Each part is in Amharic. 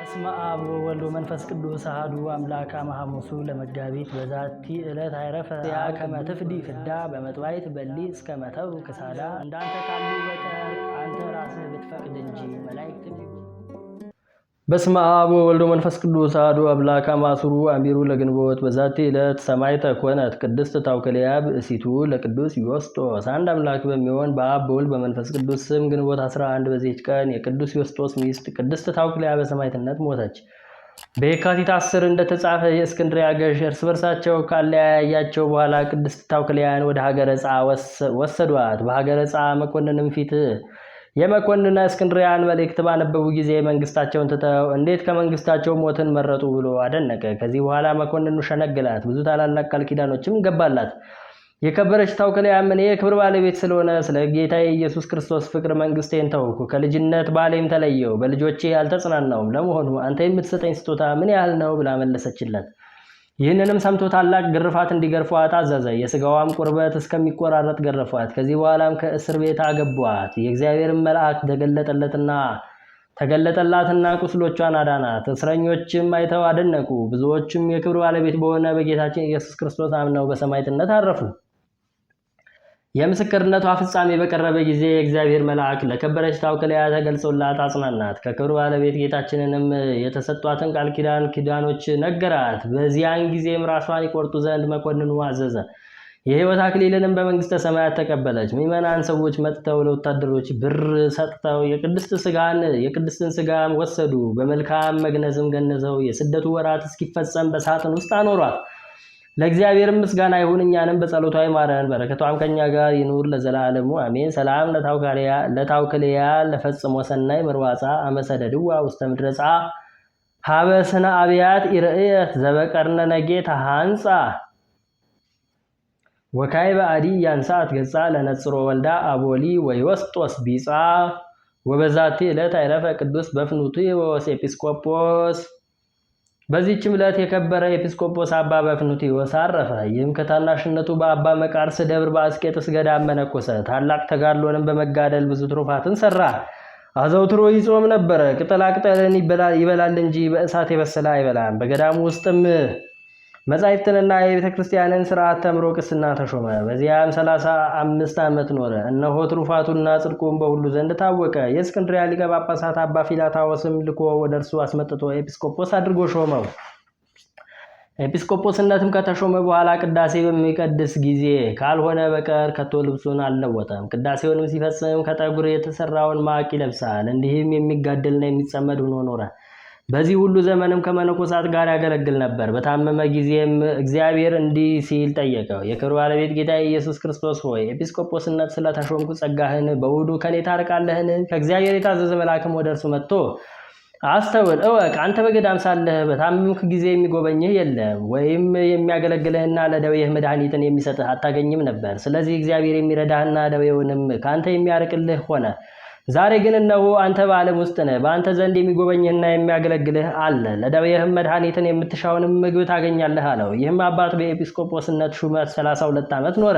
በስመ አብ ወወልድ ወመንፈስ ቅዱስ አሐዱ አምላክ አመ ለመጋቢት በዛቲ ዕለት አይረፈ ያ ከመ ትፍዲ ፍዳ በመጥባይት በሊ እስከ መተው ክሳዳ እንዳንተ ካሉ በቀር አንተ ራስህ ብትፈቅድ እንጂ መላእክት በስመ አብ ወወልድ ወመንፈስ ቅዱስ አሐዱ አምላክ አማስሩ አሚሩ ለግንቦት በዛቲ ዕለት ሰማዕት ኮነት ቅድስት ታውክልያ ብእሲቱ ለቅዱስ ዮስጦስ። አንድ አምላክ በሚሆን በአብ በወልድ በመንፈስ ቅዱስ ስም ግንቦት 11 በዚች ቀን የቅዱስ ዮስጦስ ሚስት ቅድስት ታውክልያ በሰማዕትነት ሞተች። በየካቲት 10 እንደተጻፈ የእስክንድርያ ገዥ እርስ በርሳቸው ካለያያቸው በኋላ ቅድስት ታውክልያን ወደ ሀገረ ጻ ወሰዷት። በሀገረ ጻ መኮንንም ፊት የመኮንንና እስክንድርያን መልእክት ባነበቡ ጊዜ መንግስታቸውን ትተው እንዴት ከመንግስታቸው ሞትን መረጡ ብሎ አደነቀ። ከዚህ በኋላ መኮንኑ ሸነግላት፣ ብዙ ታላላቅ ቃል ኪዳኖችም ገባላት። የከበረች ታውክልያም እኔ የክብር ባለቤት ስለሆነ ስለ ጌታዬ ኢየሱስ ክርስቶስ ፍቅር መንግስቴን ተውኩ፣ ከልጅነት ባሌም ተለየው፣ በልጆቼ አልተጽናናውም። ለመሆኑ አንተ የምትሰጠኝ ስጦታ ምን ያህል ነው ብላ መለሰችለት። ይህንንም ሰምቶ ታላቅ ግርፋት እንዲገርፏት አዘዘ። የስጋዋም ቁርበት እስከሚቆራረጥ ገረፏት። ከዚህ በኋላም ከእስር ቤት አገቧት። የእግዚአብሔርን መልአክ ተገለጠለትና ተገለጠላትና ቁስሎቿን አዳናት። እስረኞችም አይተው አደነቁ። ብዙዎችም የክብር ባለቤት በሆነ በጌታችን ኢየሱስ ክርስቶስ አምነው በሰማዕትነት አረፉ። የምስክርነቷ ፍጻሜ በቀረበ ጊዜ የእግዚአብሔር መልአክ ለከበረች ታውክልያ ተገልጾላት አጽናናት። ከክብር ባለቤት ጌታችንንም የተሰጧትን ቃል ኪዳን ኪዳኖች ነገራት። በዚያን ጊዜም ራሷን ይቆርጡ ዘንድ መኮንኑ አዘዘ። የሕይወት አክሊልንም በመንግስተ ሰማያት ተቀበለች። ምዕመናን ሰዎች መጥተው ለወታደሮች ብር ሰጥተው የቅድስት ስጋን የቅድስትን ስጋም ወሰዱ። በመልካም መግነዝም ገነዘው የስደቱ ወራት እስኪፈጸም በሳጥን ውስጥ አኖሯት። ለእግዚአብሔር ምስጋና ይሁን እኛንም በጸሎቷ ይማረን በረከቷም ከኛ ጋር ይኑር ለዘላለሙ አሜን። ሰላም ለታውክልያ ለፈጽሞ ሰናይ ምርዋፃ አመሰደድዋ ውስተ ምድረፃ ሀበስነ አብያት ኢርእየት ዘበቀርነ ነጌታ ሃንፃ ወካይ በአዲ ያንሳት ገጻ ለነጽሮ ወልዳ አቦሊ ወስጦስ ቢጻ ወበዛቲ ዕለት አይረፈ ቅዱስ በፍኑቱ ወወስ ኤጲስቆጶስ በዚህችም ዕለት የከበረ ኤጲስቆጶስ አባ በፍኑትዮስ አረፈ። ይህም ከታናሽነቱ በአባ መቃርስ ደብር በአስቄጥስ ገዳም መነኮሰ። ታላቅ ተጋድሎንም በመጋደል ብዙ ትሩፋትን ሰራ። አዘውትሮ ይጾም ነበረ። ቅጠላቅጠልን ይበላል እንጂ በእሳት የበሰለ አይበላም። በገዳሙ ውስጥም መጻሕፍትንና የቤተ ክርስቲያንን ስርዓት ተምሮ ቅስና ተሾመ። በዚያም ሰላሳ አምስት ዓመት ኖረ። እነሆ ትሩፋቱና ጽድቁን በሁሉ ዘንድ ታወቀ። የእስክንድሪያ ሊቀ ጳጳሳት አባ ፊላታዎስም ልኮ ወደ እርሱ አስመጥቶ ኤጲስቆጶስ አድርጎ ሾመው። ኤጲስቆጶስነትም ከተሾመ በኋላ ቅዳሴ በሚቀድስ ጊዜ ካልሆነ በቀር ከቶ ልብሱን አልለወጠም። ቅዳሴውንም ሲፈጽም ከጠጉር የተሰራውን ማቅ ይለብሳል። እንዲህም የሚጋደልና የሚጸመድ ሆኖ ኖረ። በዚህ ሁሉ ዘመንም ከመነኮሳት ጋር ያገለግል ነበር። በታመመ ጊዜም እግዚአብሔር እንዲህ ሲል ጠየቀው፣ የክብር ባለቤት ጌታ ኢየሱስ ክርስቶስ ሆይ ኤጲስቆጶስነት ስለተሾምኩ ጸጋህን በውዱ ከኔ ታርቃለህን? ከእግዚአብሔር የታዘዘ መልአክም ወደ እርሱ መጥቶ አስተውል፣ እወቅ፣ አንተ በገዳም ሳለህ በታመምክ ጊዜ የሚጎበኝህ የለም፣ ወይም የሚያገለግልህና ለደዌህ መድኃኒትን የሚሰጥህ አታገኝም ነበር። ስለዚህ እግዚአብሔር የሚረዳህና ደዌውንም ከአንተ የሚያርቅልህ ሆነ። ዛሬ ግን እነሆ አንተ በዓለም ውስጥ ነህ። በአንተ ዘንድ የሚጎበኝህና የሚያገለግልህ አለ። ለደዌህም መድኃኒትን የምትሻውንም ምግብ ታገኛለህ አለው። ይህም አባት በኤጲስቆጶስነት ሹመት 32 ዓመት ኖረ።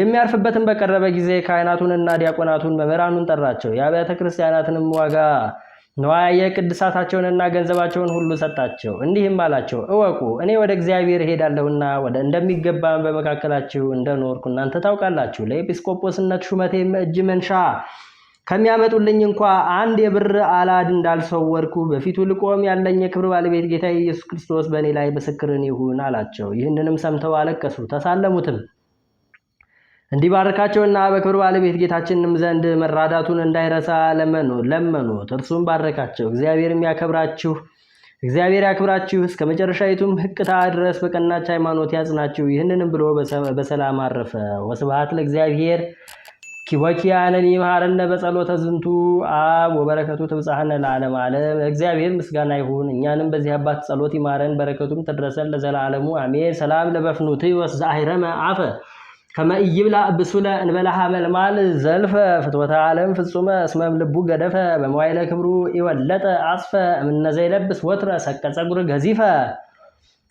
የሚያርፍበትን በቀረበ ጊዜ ካህናቱንና ዲያቆናቱን መምህራኑን ጠራቸው። የአብያተ ክርስቲያናትንም ዋጋ ንዋየ ቅድሳታቸውንና ገንዘባቸውን ሁሉ ሰጣቸው። እንዲህም አላቸው፣ እወቁ እኔ ወደ እግዚአብሔር እሄዳለሁና ወደ እንደሚገባም በመካከላችሁ እንደኖርኩ እናንተ ታውቃላችሁ። ለኤጲስቆጶስነት ሹመቴም እጅ መንሻ ከሚያመጡልኝ እንኳ አንድ የብር አላድ እንዳልሰወርኩ በፊቱ ልቆም ያለኝ የክብር ባለቤት ጌታ ኢየሱስ ክርስቶስ በእኔ ላይ ምስክርን ይሁን አላቸው። ይህንንም ሰምተው አለቀሱ፣ ተሳለሙትም። እንዲባርካቸውና በክብር ባለቤት ጌታችንም ዘንድ መራዳቱን እንዳይረሳ ለመኑት። እርሱም ባረካቸው። እግዚአብሔርም ያከብራችሁ እግዚአብሔር ያክብራችሁ እስከ መጨረሻዊቱም ህቅታ ድረስ በቀናች ሃይማኖት ያጽናችሁ። ይህንንም ብሎ በሰላም አረፈ። ወስብሐት ለእግዚአብሔር ኪቦኪያነ ይምሃረነ በጸሎተ ዝንቱ አብ ወበረከቱ ትብጻሐነ ለዓለም ዓለም። እግዚአብሔር ምስጋና ይሁን፣ እኛንም በዚህ አባት ጸሎት ይማረን፣ በረከቱም ትድረሰን ለዘላለሙ አሜን። ሰላም ለበፍኑትወስ ዘአይረመ አፈ ከመ ኢይብላ ብሱለ እንበላሃ መልማል ዘልፈ ፍትወተ ዓለም ፍጹመ እስመም ልቡ ገደፈ በመዋይለ ክብሩ ይወለጠ አስፈ እምነዘይለብስ ወትረ ሰቀ ጸጉር ገዚፈ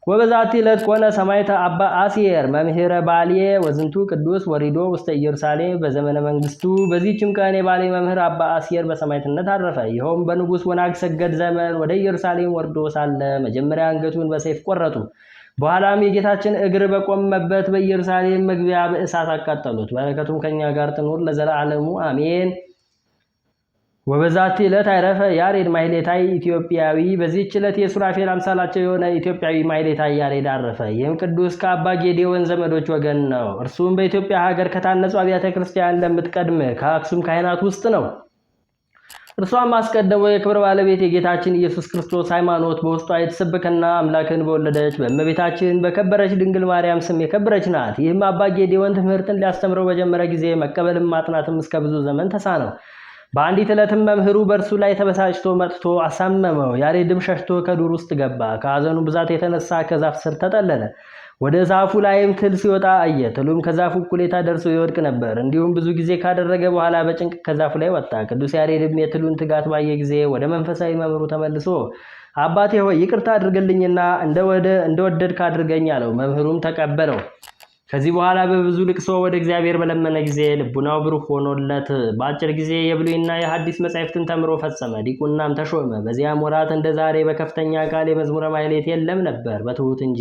ወበዛቲ ዕለት ኮነ ሰማዕተ አባ አሲር መምህረ ባሌ ወዝንቱ ቅዱስ ወሪዶ ውስተ ኢየሩሳሌም በዘመነ መንግስቱ። በዚህችም ቀን የባሌ መምህር አባ አሲየር በሰማዕትነት አረፈ። ይኸውም በንጉሥ ወናግ ሰገድ ዘመን ወደ ኢየሩሳሌም ወርዶ ሳለ መጀመሪያ አንገቱን በሰይፍ ቆረጡ። በኋላም የጌታችን እግር በቆመበት በኢየሩሳሌም መግቢያ በእሳት አቃጠሉት። በረከቱም ከኛ ጋር ትኑር ለዘላለሙ አሜን። ወበዛቲ ዕለት አይረፈ ያሬድ ማሕሌታይ ኢትዮጵያዊ። በዚህች ዕለት የሱራፌል አምሳላቸው የሆነ ኢትዮጵያዊ ማሕሌታይ ያሬድ አረፈ። ይህም ቅዱስ ከአባ ጌዴዎን ዘመዶች ወገን ነው። እርሱም በኢትዮጵያ ሀገር ከታነጹ አብያተ ክርስቲያን እንደምትቀድም ከአክሱም ካህናት ውስጥ ነው። እርሷም አስቀድሞ የክብር ባለቤት የጌታችን ኢየሱስ ክርስቶስ ሃይማኖት በውስጧ የተሰበከና አምላክን በወለደች በእመቤታችን በከበረች ድንግል ማርያም ስም የከበረች ናት። ይህም አባ ጌዴዎን ትምህርትን ሊያስተምረው በጀመረ ጊዜ መቀበልም ማጥናትም እስከ ብዙ ዘመን ተሳነው። በአንዲት ዕለትም መምህሩ በእርሱ ላይ ተበሳጭቶ መጥቶ አሳመመው። ያሬድም ሸሽቶ ከዱር ውስጥ ገባ። ከሐዘኑ ብዛት የተነሳ ከዛፍ ስር ተጠለለ። ወደ ዛፉ ላይም ትል ሲወጣ አየ። ትሉም ከዛፉ እኩሌታ ደርሶ ይወድቅ ነበር። እንዲሁም ብዙ ጊዜ ካደረገ በኋላ በጭንቅ ከዛፉ ላይ ወጣ። ቅዱስ ያሬድም የትሉን ትጋት ባየ ጊዜ ወደ መንፈሳዊ መምህሩ ተመልሶ አባቴ ሆይ ይቅርታ አድርግልኝና እንደወደድክ አድርገኝ አለው። መምህሩም ተቀበለው። ከዚህ በኋላ በብዙ ልቅሶ ወደ እግዚአብሔር በለመነ ጊዜ ልቡናው ብሩህ ሆኖለት በአጭር ጊዜ የብሉይና የሐዲስ መጻሕፍትን ተምሮ ፈጸመ። ዲቁናም ተሾመ። በዚያም ወራት እንደ ዛሬ በከፍተኛ ቃል የመዝሙረ ማህሌት የለም ነበር፣ በትሑት እንጂ።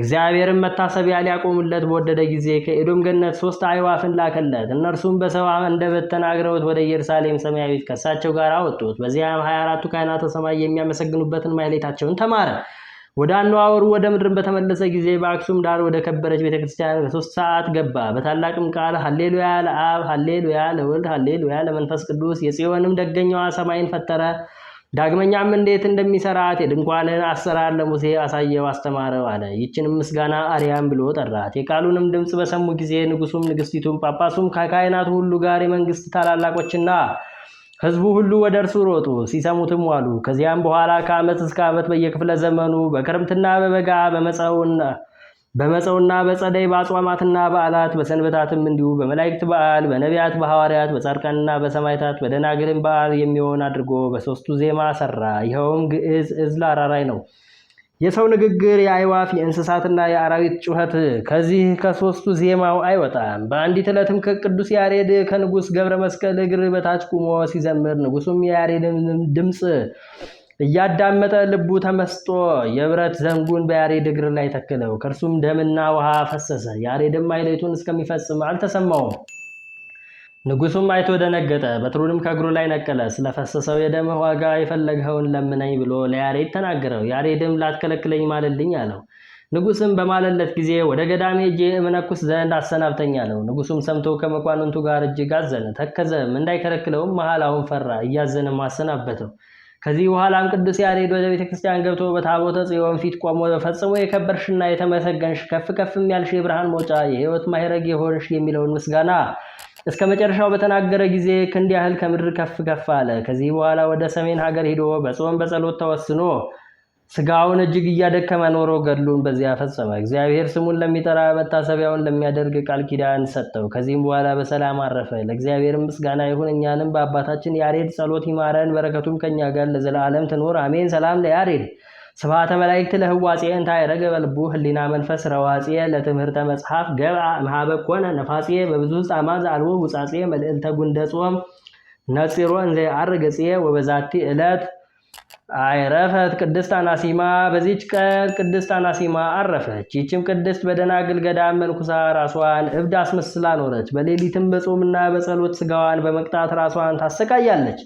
እግዚአብሔርም መታሰቢያ ሊያቆሙለት በወደደ ጊዜ ከኤዶም ገነት ሶስት አይዋፍን ላከለት። እነርሱም በሰው አንደበት ተናግረውት ወደ ኢየሩሳሌም ሰማያዊት ከእሳቸው ጋር አወጡት። በዚያም ሀያ አራቱ ካህናተ ሰማይ የሚያመሰግኑበትን ማሕሌታቸውን ተማረ። ወደ አነዋወሩ ወደ ምድርን በተመለሰ ጊዜ በአክሱም ዳር ወደ ከበረች ቤተክርስቲያን ክርስቲያን በሶስት ሰዓት ገባ። በታላቅም ቃል ሀሌሉያ ለአብ ሀሌሉያ ለወልድ ሀሌሉያ ለመንፈስ ቅዱስ። የጽዮንም ደገኛዋ ሰማይን ፈጠረ። ዳግመኛም እንዴት እንደሚሰራት የድንኳንን አሰራር ለሙሴ አሳየው አስተማረው አለ። ይችንም ምስጋና አርያም ብሎ ጠራት። የቃሉንም ድምፅ በሰሙ ጊዜ ንጉሱም፣ ንግስቲቱም፣ ጳጳሱም ከካህናቱ ሁሉ ጋር የመንግስት ታላላቆችና ህዝቡ ሁሉ ወደ እርሱ ሮጡ፣ ሲሰሙትም ዋሉ። ከዚያም በኋላ ከዓመት እስከ ዓመት በየክፍለ ዘመኑ በክረምትና በበጋ በመፀውና በመፀውና በጸደይ በአጽዋማትና በዓላት በሰንበታትም እንዲሁ በመላእክት በዓል በነቢያት በሐዋርያት በጻድቃንና በሰማይታት በደናግልን በዓል የሚሆን አድርጎ በሦስቱ ዜማ ሰራ። ይኸውም ግዕዝ፣ እዝላ አራራይ ነው። የሰው ንግግር የአይዋፍ የእንስሳትና የአራዊት ጩኸት ከዚህ ከሶስቱ ዜማው አይወጣም። በአንዲት ዕለትም ከቅዱስ ያሬድ ከንጉሥ ገብረ መስቀል እግር በታች ቁሞ ሲዘምር ንጉሱም የያሬድን ድምፅ እያዳመጠ ልቡ ተመስጦ የብረት ዘንጉን በያሬድ እግር ላይ ተክለው ከእርሱም ደምና ውሃ ፈሰሰ። ያሬድም አይሌቱን እስከሚፈጽም አልተሰማውም። ንጉሱም አይቶ ደነገጠ፣ በትሩንም ከእግሩ ላይ ነቀለ። ስለፈሰሰው የደም ዋጋ የፈለግኸውን ለምነኝ ብሎ ለያሬድ ተናገረው። ያሬድም ላትከለክለኝ ማልልኝ አለው። ንጉስም በማለለት ጊዜ ወደ ገዳሚ ሄጄ እመነኩስ ዘንድ አሰናብተኝ አለው። ንጉሱም ሰምቶ ከመኳንንቱ ጋር እጅግ አዘነ፣ ተከዘም፣ እንዳይከለክለውም መሐላውን ፈራ፣ እያዘነም አሰናበተው። ከዚህ በኋላም ቅዱስ ያሬድ ወደ ቤተ ክርስቲያን ገብቶ በታቦተ ጽዮን ፊት ቆሞ ፈጽሞ የከበርሽና የተመሰገንሽ ከፍ ከፍም ያልሽ የብርሃን መውጫ የሕይወት ማይረግ የሆንሽ የሚለውን ምስጋና እስከ መጨረሻው በተናገረ ጊዜ ክንድ ያህል ከምድር ከፍ ከፍ አለ። ከዚህ በኋላ ወደ ሰሜን ሀገር ሂዶ በጾም በጸሎት ተወስኖ ስጋውን እጅግ እያደከመ ኖሮ ገድሉን በዚያ ፈጸመ። እግዚአብሔር ስሙን ለሚጠራ መታሰቢያውን ለሚያደርግ ቃል ኪዳን ሰጠው። ከዚህም በኋላ በሰላም አረፈ። ለእግዚአብሔር ምስጋና ይሁን፣ እኛንም በአባታችን ያሬድ ጸሎት ይማረን፣ በረከቱም ከኛ ጋር ለዘላለም ትኖር አሜን። ሰላም ለያሬድ ስብሐተ መላእክት ለህዋጼ እንታ ያረገ በልቡ ህሊና መንፈስ ረዋጼ ለትምህርተ መጽሐፍ ገብአ መሃበ ኮነ ነፋጼ በብዙ ጻማ ዘአልቦ ውጻፄ መልእልተ ጉንደጾም ነጽሮ እንዘ አርገፄ ወበዛቲ ዕለት አይረፈት ቅድስት አናሲማ። በዚች ቀን ቅድስት አናሲማ አረፈች። ይህችም ቅድስት በደናግል ገዳም መልኩሳ ራሷን እብድ አስመስላ ኖረች። በሌሊትም በጾምና በጸሎት ስጋዋን በመቅጣት ራሷን ታሰቃያለች።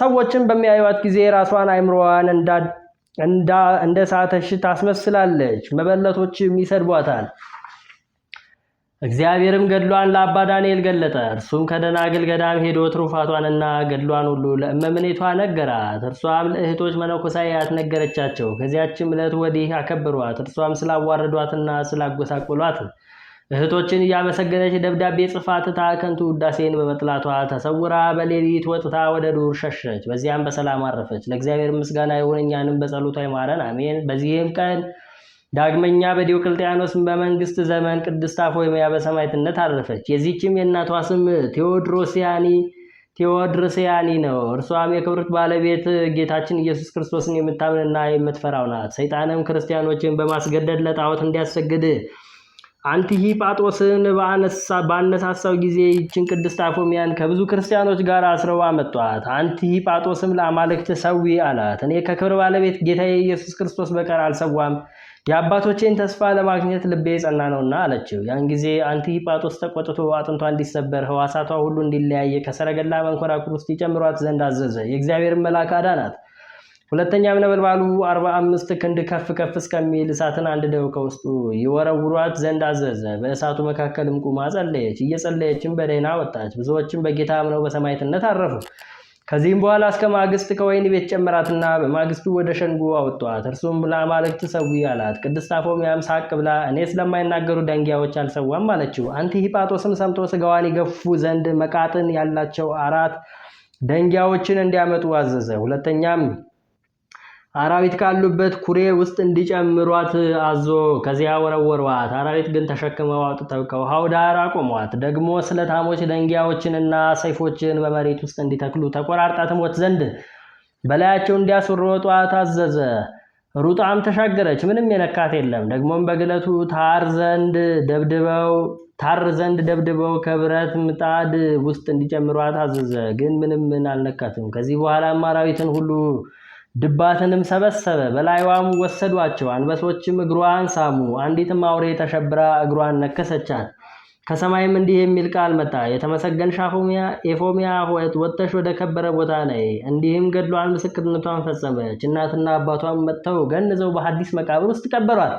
ሰዎችን በሚያዩት ጊዜ ራሷን አይምሮዋን እንደ ሳተሽ ታስመስላለች። መበለቶችም ይሰድቧታል። እግዚአብሔርም ገድሏን ለአባ ዳንኤል ገለጠ። እርሱም ከደናግል ገዳም ሄዶ ትሩፋቷንና ገድሏን ሁሉ ለእመምኔቷ ነገራት። እርሷም ለእህቶች መነኮሳያት ነገረቻቸው። ከዚያችም ዕለት ወዲህ አከበሯት። እርሷም ስላዋረዷትና ስላጎሳቆሏት እህቶችን እያመሰገነች ደብዳቤ ጽፋ ትታ ከንቱ ውዳሴን በመጥላቷ ተሰውራ በሌሊት ወጥታ ወደ ዱር ሸሸች። በዚያም በሰላም አረፈች። ለእግዚአብሔር ምስጋና ይሁን፣ እኛንም በጸሎቷ ይማረን አሜን። በዚህም ቀን ዳግመኛ በዲዮቅልጥያኖስ በመንግስት ዘመን ቅድስት አፎሚያ በሰማዕትነት አረፈች። የዚችም የእናቷ ስም ቴዎድሮሲያኒ ቴዎድሮሲያኒ ነው። እርሷም የክብርት ባለቤት ጌታችን ኢየሱስ ክርስቶስን የምታምንና የምትፈራው ናት። ሰይጣንም ክርስቲያኖችን በማስገደድ ለጣዖት እንዲያሰግድ አንቲሂጳጦስን ባነሳሳው ጊዜ ይችን ቅድስት አፎሚያን ከብዙ ክርስቲያኖች ጋር አስረው አመጧት። አንቲሂጳጦስም ለአማልክት ሰዊ አላት። እኔ ከክብር ባለቤት ጌታ ኢየሱስ ክርስቶስ በቀር አልሰዋም የአባቶቼን ተስፋ ለማግኘት ልቤ የጸና ነውና አለችው። ያን ጊዜ አንቲጳጦስ ተቆጥቶ አጥንቷ እንዲሰበር ህዋሳቷ ሁሉ እንዲለያየ ከሰረገላ መንኮራኩር ውስጥ ይጨምሯት ዘንድ አዘዘ። የእግዚአብሔርን መልአክ አዳናት። ሁለተኛም ነበልባሉ አርባ አምስት ክንድ ከፍ ከፍ እስከሚል እሳትን አንድደው ከውስጡ ይወረውሯት ዘንድ አዘዘ። በእሳቱ መካከልም ቁማ ጸለየች። እየጸለየችም በደህና ወጣች። ብዙዎችም በጌታ አምነው በሰማዕትነት አረፉ። ከዚህም በኋላ እስከ ማግስት ከወይን ቤት ጨመራትና በማግስቱ ወደ ሸንጎ አወጧት። እርሱም ለአማልክት ሰዊ አላት። ቅድስት አፎምያም ሳቅ ብላ እኔ ስለማይናገሩ ደንጊያዎች አልሰዋም አለችው። ሂጳጦስም ሰምቶ ስጋዋን ይገፉ ዘንድ መቃጥን ያላቸው አራት ደንጊያዎችን እንዲያመጡ አዘዘ። ሁለተኛም አራዊት ካሉበት ኩሬ ውስጥ እንዲጨምሯት አዞ ከዚያ ወረወሯት። አራዊት ግን ተሸክመው አውጥተው ከውሃው ዳር አቆሟት። ደግሞ ስለታሞች ደንጊያዎችንና ሰይፎችን በመሬት ውስጥ እንዲተክሉ ተቆራርጣ ትሞት ዘንድ በላያቸው እንዲያስሮጧት አዘዘ። ሩጣም ተሻገረች፣ ምንም የነካት የለም። ደግሞም በግለቱ ታር ዘንድ ደብድበው ታር ዘንድ ደብድበው ከብረት ምጣድ ውስጥ እንዲጨምሯት አዘዘ። ግን ምንም ምን አልነካትም። ከዚህ በኋላም አራዊትን ሁሉ ድባትንም ሰበሰበ፣ በላይዋም ወሰዷቸው። አንበሶችም እግሯን ሳሙ። አንዲትም አውሬ ተሸብራ እግሯን ነከሰቻት። ከሰማይም እንዲህ የሚል ቃል መጣ፣ የተመሰገንሽ ኤፎሚያ ሆይ ወጥተሽ ወደ ከበረ ቦታ ነይ። እንዲህም ገድሏን፣ ምስክርነቷን ፈጸመች። እናትና አባቷም መጥተው ገንዘው በሐዲስ መቃብር ውስጥ ቀበሯት።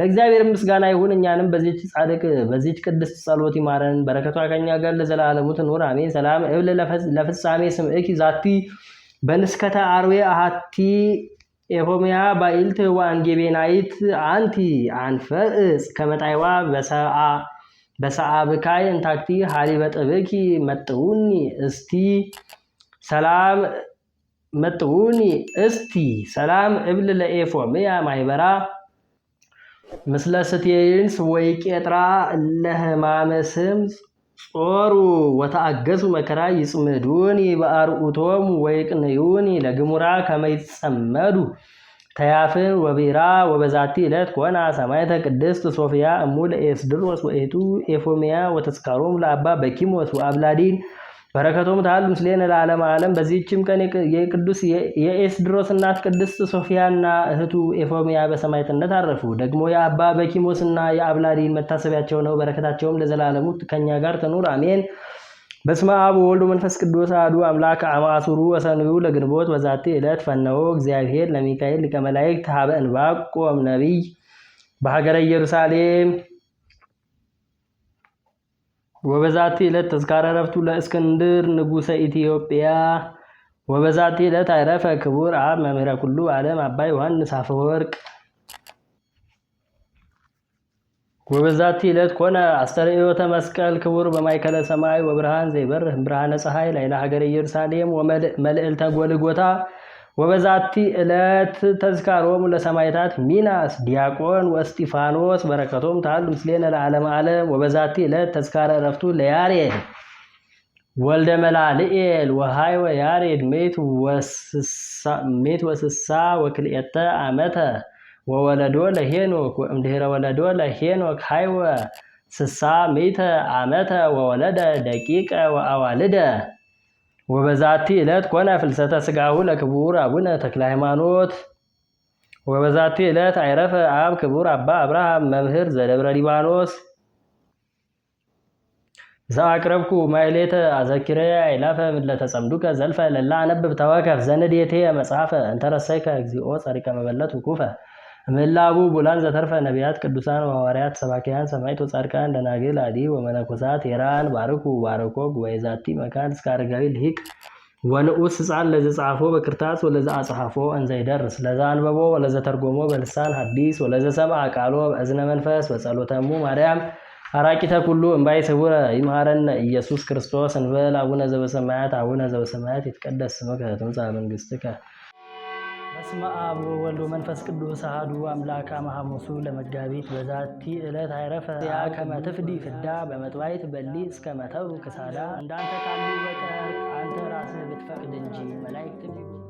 ለእግዚአብሔር ምስጋና ይሁን፣ እኛንም በዚች ጻድቅ በዚች ቅድስት ጸሎት ይማረን። በረከቷ ከኛ ጋር ለዘላለሙ ትኑር አሜን። ሰላም እብል ለፍጻሜ ስምዕኪ ዛቲ በንስከተ አርዌ አሃቲ ኤፎሚያ ባኢልት ዋንጌቤናይት አንቲ አንፈእጽ ከመጣይዋ በሰአ በሰአብካይ እንታክቲ ሃሊ በጥብኪ መጥውኒ እስቲ ሰላም መጥውኒ እስቲ ሰላም እብል ለኤፎምያ ማይበራ ምስለ ስትየይንስ ወይ ቄጥራ ለህማመ ጾሩ ወተአገሱ መከራ ይጽምዱኒ በአርኡቶሙ ወይቅንዩኒ ለግሙራ ከመይጸመዱ ተያፍን ወቢራ ወበዛቲ ዕለት ኮና ሰማዕተ ቅድስት ሶፊያ እሙ ለኤስድሮስ ወእቱ ኤፎሚያ ወተስካሮም ለአባ በኪሞስ ወአብላዲን በረከቶም ታሉ ምስሌን ለዓለም ዓለም። በዚህችም ቀን የቅዱስ የኤስድሮስ እናት ቅድስት ሶፊያና እህቱ ኤፎሚያ በሰማዕትነት አረፉ። ደግሞ የአባ በኪሞስና የአብላዲን መታሰቢያቸው ነው። በረከታቸውም ለዘላለሙ ከኛ ጋር ትኑር አሜን። በስመ አብ ወወልድ መንፈስ ቅዱስ አሐዱ አምላክ አማሱሩ ዐሥሩ ለግንቦት በዛቲ ዕለት ፈነወ እግዚአብሔር ለሚካኤል ሊቀ መላእክት ሀበ ነቢይ በሀገረ ኢየሩሳሌም ወበዛቲ ዕለት ተዝካረ ረፍቱ ለእስክንድር ንጉሰ ኢትዮጵያ ወበዛቲ ዕለት አይረፈ ክቡር አብ መምህረ ኩሉ ዓለም አባ ዮሐንስ አፈወርቅ ወበዛቲ ዕለት ኮነ አስተርእዮተ መስቀል ክቡር በማይከለ ሰማይ ወብርሃን ዘይበርህ ብርሃነ ፀሐይ ላይለ ሀገረ ኢየሩሳሌም ወመልእልተ ጎልጎታ ወበዛቲ ዕለት ተዝካሮም ለሰማዕታት ሚናስ ዲያቆን ወእስጢፋኖስ በረከቶም ታሉ ምስሌነ ለዓለም ዓለም። ወበዛቲ ዕለት ተዝካረ ዕረፍቱ ለያሬድ ወልደ መላልኤል ወሃይወ ያሬድ ሜት ወስሳ ወክልኤተ ዓመተ ወወለዶ ለሄኖክ ወእምድኅረ ወለዶ ለሄኖክ ሃይወ ስሳ ሜተ ዓመተ ወወለደ ደቂቀ ወአዋልደ ወበዛቲ ዕለት ኮነ ፍልሰተ ስጋሁ ለክቡር አቡነ ተክለ ሃይማኖት ወበዛቲ ዕለት አይረፈ አብ ክቡር አባ አብርሃም መምህር ዘደብረ ሊባኖስ ዘአቅረብኩ ማይሌተ አዘኪረያ አይላፈ ምለተጸምዱከ ዘልፈ ለላ አነብብ ተወከፍ ዘንዴቴ መጽሐፈ እንተረሰይከ እግዚኦ ጸሪቀ መበለት ውኩፈ ምላቡ ቡላን ዘተርፈ ነቢያት ቅዱሳን ወሐዋርያት ሰባኪያን ሰማይት ወጻድቃን ደናግል አዲ ወመነኮሳት ሄራን ባርኩ ባረኮ ወይዛቲ መካን እስከ አረጋዊ ልሂቅ ወንዑስ ህፃን ለዚ ጻፎ በክርታስ ወለዚ አጽሐፎ እንዘይደርስ ለዛ አንበቦ ወለዘ ተርጎሞ በልሳን ሀዲስ፣ ወለዘ ሰምዐ ቃሎ በእዝነ መንፈስ ወጸሎተሙ ማርያም አራቂተ ኩሉ እምባይ ስውረ ይምሃረነ ኢየሱስ ክርስቶስ እንበል አቡነ ዘበሰማያት አቡነ ዘበሰማያት ይትቀደስ ስምከ ትምጻእ መንግሥትከ በስመ አብ ወወልድ ወመንፈስ ቅዱስ አሐዱ አምላክ አመሐሙሱ ለመጋቢት በዛቲ ዕለት አይረፈ ያ ከመትፍዲ ፍዳ በመጥባይት በሊ እስከ መተው ክሳዳ እንዳንተ ካሉ በቀር አንተ ራስህ ብትፈቅድ እንጂ መላእክት